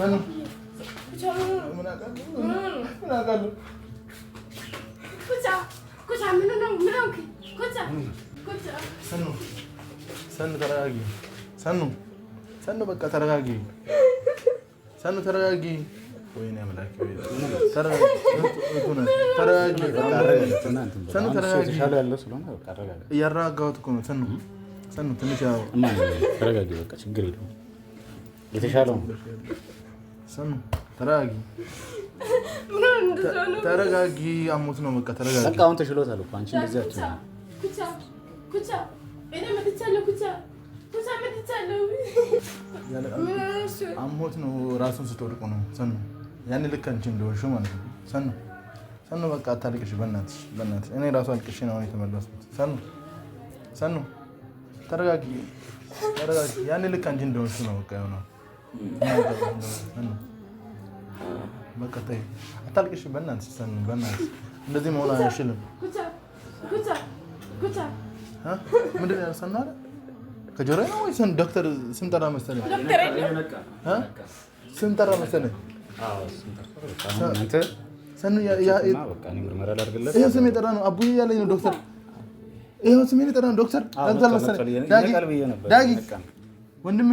ሰኑ ሰኑ በቃ ተረጋጊ። ሰኑ ተረጋጊ። ወይኔ አምላኬ እያረጋጋሁት እኮ ነው። ሰኑ ሰኑ ትንሽ ተረጋጊ። በቃ ችግር የለውም የተሻለው ስም ተረጋጊ፣ ተረጋጊ። አሞት ነው በቃ ተረጋጊ። በቃ አሁን ተሽሎታል እኮ አንቺ እንደዚህ አትሁን። አትሆ አሞት ነው ራሱን ስትወድቁ ነው ሰኑ። ያን ልክ አንቺ እንደወሹ ማለት ነው ሰኑ። ሰኑ በቃ አታልቅሽ፣ በእናትሽ በእናትሽ። እኔ ራሱ አልቅሽ ነው የተመለስኩት። ሰኑ ሰኑ ተረጋጊ፣ ተረጋጊ። ያን ልክ አንቺ እንደወሹ ነው በቃ ይሆናል በቃ ተይ አታልቅሽ። በእናትሽ ሰኒ፣ በእናትሽ እንደዚህ መሆን አይችልም። ምንድን ነው ያልሰና አለ ከጆሮ ነው ወይ ዶክተር ስም ጠራ መሰለኝ፣ ስም ጠራ መሰለኝ። ይኸው ስም የጠራ ነው አቡዬ ያለኝ ነው ዶክተር። ይኸው ስም የጠራ ነው ዶክተር። ዳጊ ወንድሜ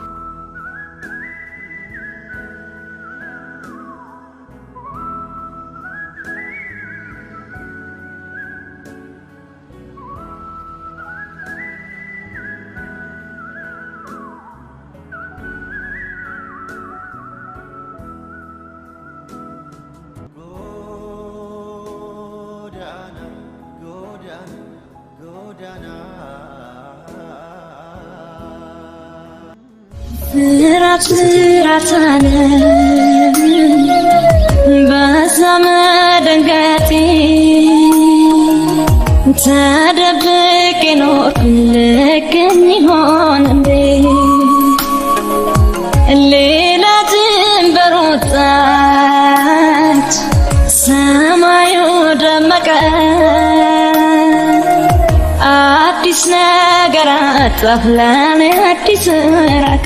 ፍራት ፍራት አለ በዛ ተደብቄ ኖርኩ ልገኝ ይሆን እንዴ ሌላ ድንበር ወጣች ሰማዩ ደመቀ አዲስ ነ ነገራት አፍላኔ አዲስ ራቀ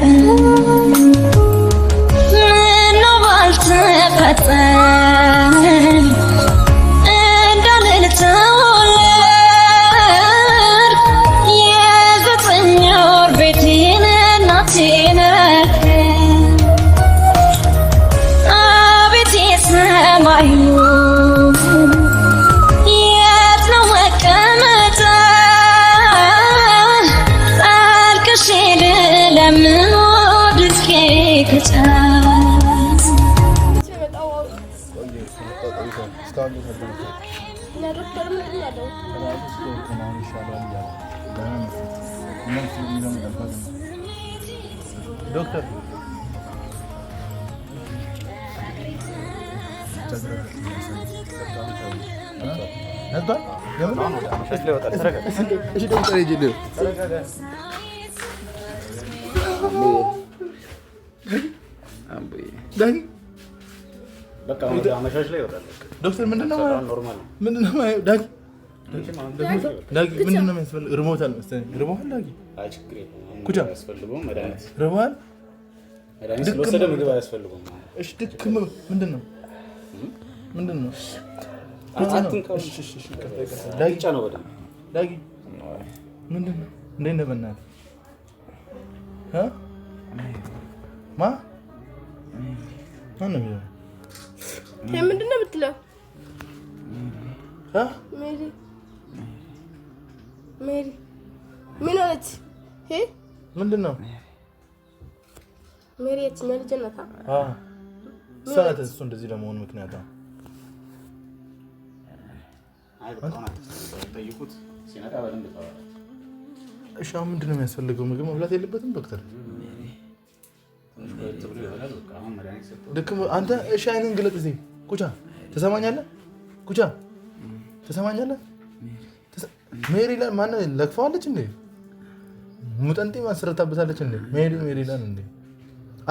ምነው ባልተፈጠረ ወርቅ መሆን ይሻላል እያለ እነሱ የሚለው ነበር ዶክተር ዶክተር ምንድን ነው ምንድን ነው ዳኒ ምንድን ነው የሚያስፈልግ? ርቦታል መሰለኝ። ርቦሃል ዳጊ? ኩቻ ርቦሃል? ድክም ምንድን ነው ምንድን ነው ዳጊ? ምንድን ነው እንዴት ነህ? በእናትህ ማ ማነው የምትለው ሜሪ ምን ሆነች? ምንድን ነው ሜሪ የትኛ ልጅ ናት? ሰዓት እሱ እንደዚህ ለመሆን ምክንያት እሺ፣ አሁን ምንድን ነው የሚያስፈልገው? ምግብ መብላት የለበትም ዶክተር? ድክም አንተ እሺ፣ አይንን ግለጥ። እዚህ ኩቻ፣ ትሰማኛለህ? ኩቻ፣ ትሰማኛለህ? ሜሪላንድ ማን ለክፈዋለች እንዴ? ሙጠንጤ ማስረታበታለች እንዴ? ሜሪ ሜሪላንድ እንዴ?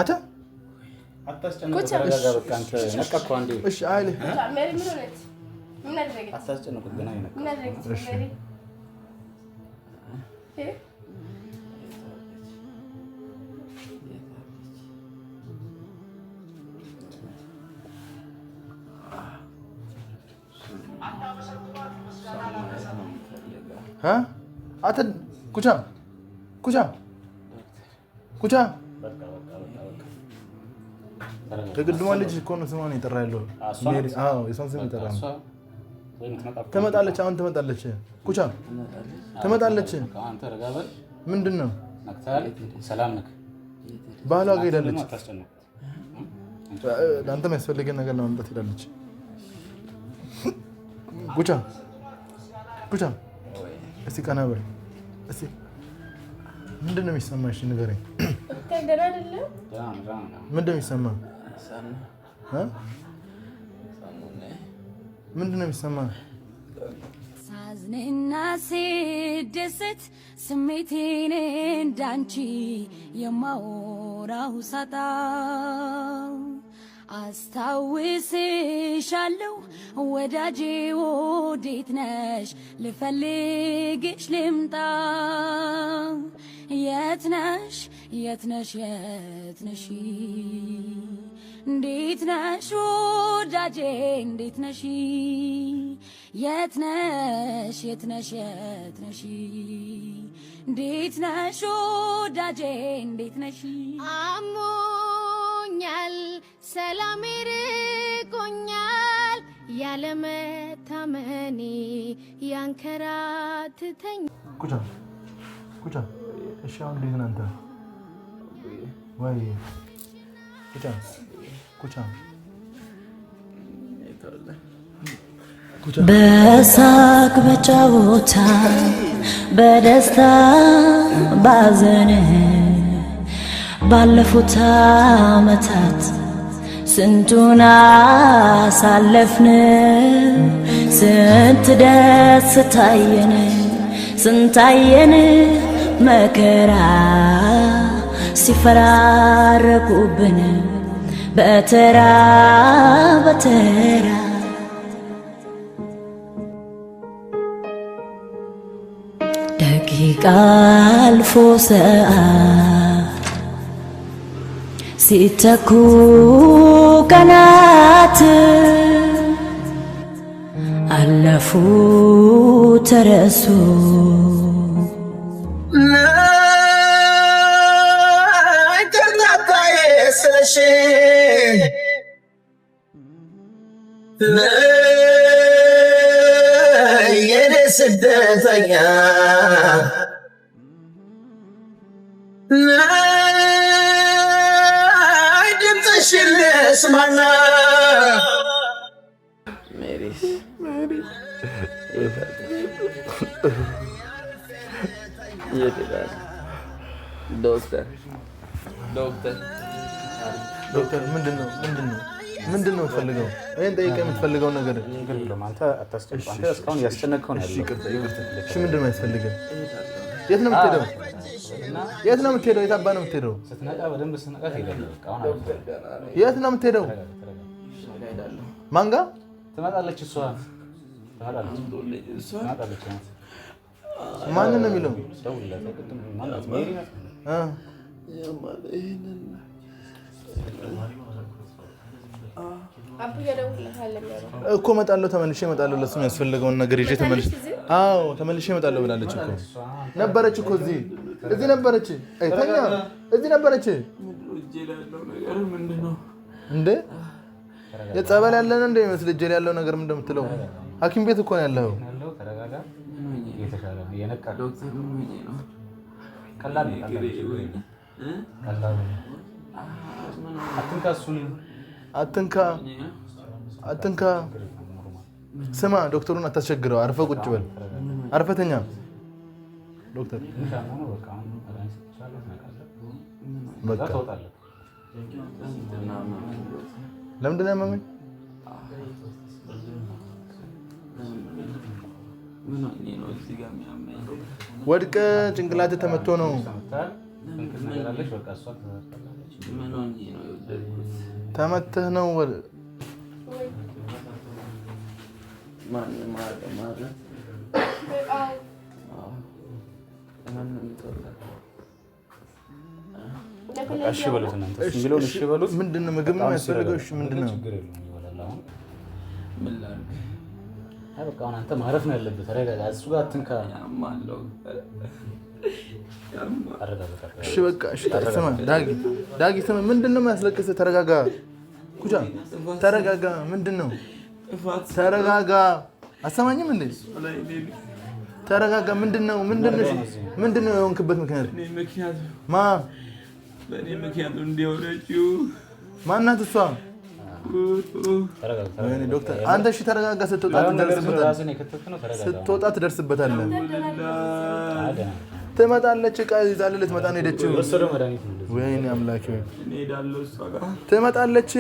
አታ አታስጨንቁት። አትን ኩቻ ኩቻ ኩቻ ከግድማ ልጅ እኮ ነው ስሟን የጠራ ያለው። የሷን ስም የጠራ ነው። ትመጣለች፣ አሁን ትመጣለች። ኩቻ ትመጣለች። ምንድን ነው ባህሏ ጋር ሄዳለች። አንተ የሚያስፈልገን ነገር ለማምጣት ሄዳለች። ኩቻ ኩቻ እስቲ ቀና በል። እስቲ ምንድን ነው የሚሰማሽ? ንገረኝ። ምንድን ነው የሚሰማ? ምንድን ነው የሚሰማ? ሳዝንና ስደሰት ስሜቴን እንዳንቺ የማወራው ሳጣው አስታውስሻለሁ ወዳጄ ወዴት ነሽ ልፈልግሽ ልምጣ የት ነሽ የት ነሽ የት ነሽ እንዴት ነሽ ወዳጄ እንዴት ነሽ የት ነሽ የት ነሽ የት ነሽ እንዴት ነሽ ወዳጄ እንዴት ነሽ አሞ ርቆኛል፣ ሰላም ርቆኛል፣ ያለመታመኔ ያንከራትተኝ። ቁጫ ቁጫ። እሺ አሁን እንዴት ነህ አንተ? ወይ ቁጫ ቁጫ በሳቅ በጨዋታ በደስታ ባዘንህ ባለፉት አመታት ስንቱን አሳለፍን፣ ስንት ደስ ታየን፣ ስንታየን መከራ ሲፈራረቁብን በተራ በተራ ደቂቃ አልፎ ሰዓት sitta kuu kanaat alafu tarasu ስደተኛ ድምፅሽ ልስማና ዶክተር ዶክተር ዶክተር ምንድን ነው ምንድን ነው ምንድን ነው የምትፈልገው? ይህን ጠይቀህ የምትፈልገው ነገር ምንድን ነው? የት ነው የምትሄደው? የት ነው የምትሄደው? የት አባ ነው የምትሄደው? የት ነው የምትሄደው? ማን ጋር ትመጣለች? እሷ ማንን ነው የሚለው? እኮ እመጣለሁ፣ ተመልሼ እመጣለሁ። ለሱ የሚያስፈልገውን ነገር ይዤ ተመልሼ አዎ፣ ተመልሼ እመጣለሁ ብላለች እኮ ነበረች እኮ እዚህ እዚህ ነበረች፣ አይ ተኛ እዚህ ነበረች እንዴ የጸበል ያለን እንደ ይመስል እጄ ያለው ነገር ምን የምትለው? ሐኪም ቤት እኮ ነው ያለው። ቀላል አትንካ አትንካ። ስማ ዶክተሩን አታስቸግረው። አርፈ ቁጭ በል አርፈተኛ ዶክተር በቃ ለምንድን ነው ያመመኝ? ወድቀ ጭንቅላት ተመቶ ነው። ተመተህ ነው ወደ እሺ በሉት እናንተ ምንድን ነው ምግብ ነው ያስፈልገው? እሺ ምንድን ነው? በቃ አሁን አንተ ማረፍ ነው ያለብህ። ተረጋጋ። እሱ ጋር አትንካ ዳጊ ስማ ምንድን ነው የሚያስለቅስህ? ተረጋጋ ኩቻ፣ ተረጋጋ። ምንድን ነው ተረጋጋ። አሰማኝም እንዴ? ተረጋጋ። ምንድን ነው ምንድን ነው የሆንክበት ምክንያት? ማ ማናት እሷ? ዶክተር አንተ እሺ፣ ተረጋጋ። ስትወጣ ትደርስበታለህ። ትመጣለች ዕቃ ይዛልህ ልትመጣ ነው ሄደችው። ወይኔ አምላኬ ትመጣለች።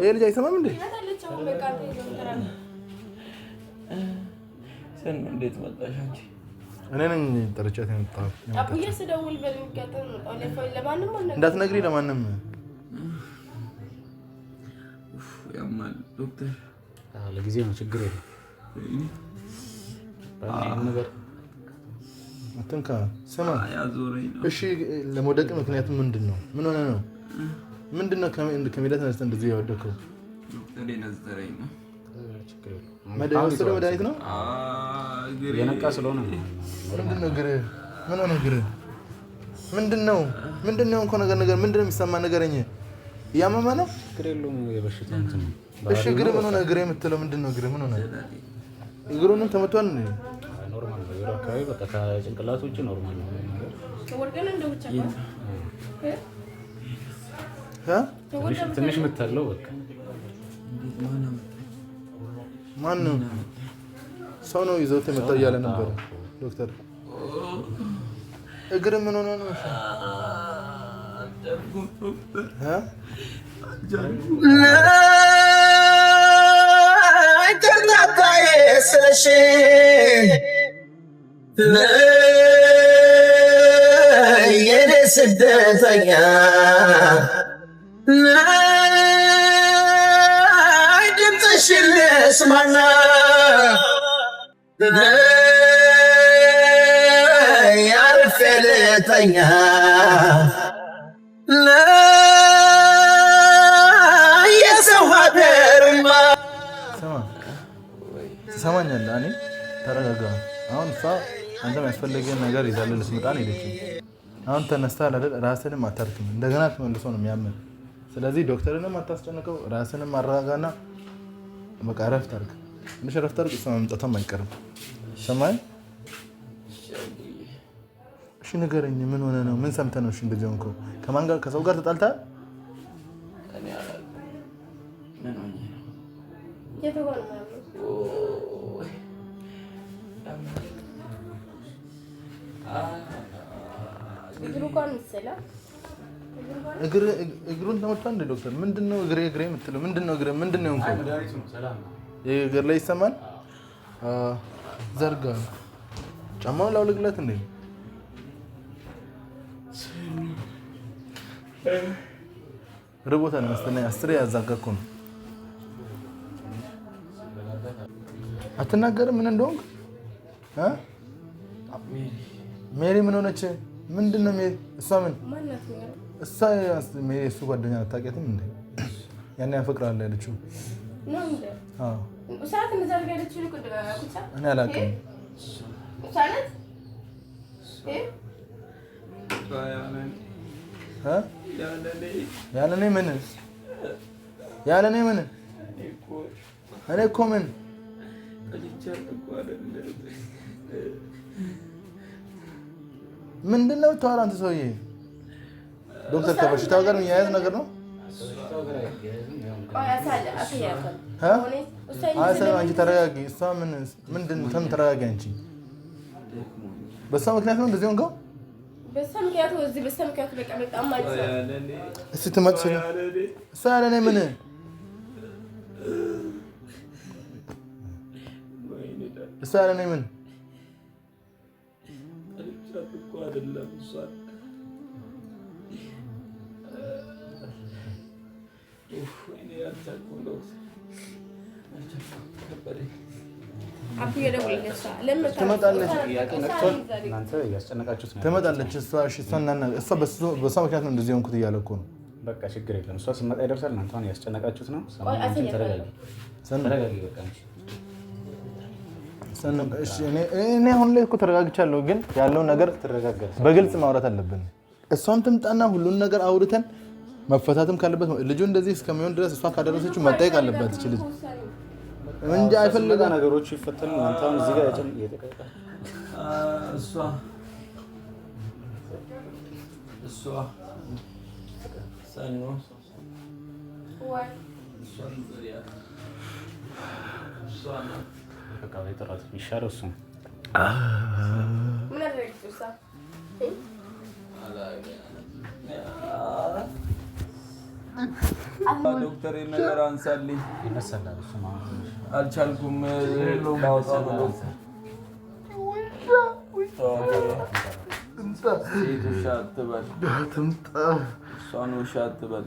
ይሄ ልጅ አይሰማም እንዴ? እኔ ነኝ ጠርጫት የመጣሁት። እንዳትነግሪ ለማንም ለጊዜ ነው ችግር አትንካ። ስማ፣ እሺ፣ ለመውደቅ ምክንያት ምንድን ነው? ምን ሆነ ነው? ምንድን ነው ከሜዳ ተነስተህ እንደዚህ ያወደቅከው? ወሰደው መድኃኒት ነው የነቃ ስለሆነ ምንድን ነው እግርህ? ምን ሆነ እግርህ? ምንድን ነው ምንድን ነው እንኳን ነገር ነገር ምንድን ነው የሚሰማ ነገረኝ። እያመመ ነው እሺ፣ እግርህ ምን ሆነ? እግርህ የምትለው ምንድን ነው? እግርህ ምን ሆነ? እግሩንም ተመቷል። ኖርማል ነው። ቢሮ አካባቢ በቃ ከጭንቅላት ውጭ ኖርማል ነው ነገር ትንሽ የምታለው በቃ ማነው ሰው ነው ይዘውት የመጣው እያለ ነበረ ዶክተር። እግር ምን ሆኖ ነው? አይተናባዬ ስለሽ የኔ ስደተኛ ድምፅሽን ልስማና ያርፌ ልተኛ የሰው ሀገርማ ትሰማኛለህ? እኔ ተረጋጋ አሁን እሷ አንተም ያስፈለገን ነገር ይዛለል ስልጣን ሄደችም። አሁን ተነስተሃል አይደል? ራስንም አታርክም፣ እንደገና ተመልሶ ነው የሚያምን። ስለዚህ ዶክተርንም አታስጨንቀው፣ ራስንም አረጋጋና በቃ እረፍት አድርግ፣ ትንሽ እረፍት አድርግ። እሷ መምጣቷም አይቀርም። ሰማይ እሺ፣ ንገረኝ፣ ምን ሆነ ነው? ምን ሰምተህ ነው? እሺ፣ እንደዚህ ሆንከው ከማን ጋር? ከሰው ጋር ተጣልተሃል? እኔ አላውቅም። ምን ሆኜ ነው እግሩን ተመቷ። እንደ ዶክተር ምንድን ነው እግሬ እግሬ የምትለው ምንድን ነው? እግሬ ምንድን ነው? እግር ላይ ይሰማል። ዘርጋ ጫማውን ላውልቅለት እንደ ርቦታል መሰለኝ። አስሬ ያዛጋኩ ነው። አትናገርም ምን እንደሆንክ ሜሪ ምን ሆነች? ምንድን ነው ሜሪ? እሷ ምን እሷ ሜሪ እሱ ጓደኛ አታውቂያትም እንዴ? ያን ያፈቅራል ያለችው እኔ አላውቅም። ያለ እኔ ምን ያለ እኔ ምን እኔ እኮ ምን ምንድን ነው የምታወራው አንተ ሰውዬ? ዶክተር ከበሽታው ጋር የሚያያዝ ነገር ነው። አንቺ ተረጋጊ። እሷ ምንድን ነው ተረጋጊ። አንቺ በእሷ ምክንያት ነው እንደዚህ ሆንከው። እስኪ ትመጣ እሷ ያለ እኔ ምን እሷ ያለ እኔ ምን አይደለም እሷን ትመጣለች። እሷ በእሷ ምክንያት ነው እንደዚህ ሆንኩት እያለ እኮ ነው። በቃ ችግር የለም። እሷ ስመጣ ይደርሳል። እናንተ አሁን ያስጨነቃችሁት ነው። እኔ አሁን ላይ እኮ ተረጋግቻለሁ፣ ግን ያለውን ነገር በግልጽ ማውራት አለብን። እሷን ትምጣና ሁሉን ነገር አውርተን መፈታትም ካለበት ልጁ እንደዚህ እስከሚሆን ድረስ እሷ ካደረሰችው መጠየቅ አለባት። እች ልጅ እንጂ አይፈልጋ ነገሮቹ ይፈተኑ። አንተ Какая это раз вишарусу. Мне рексуса. ዶክተር ነገር አንሳልኝ አልቻልኩም። ላወጣ ብሎ ሴት ውሻ አትበል፣ እሷን ውሻ አትበል።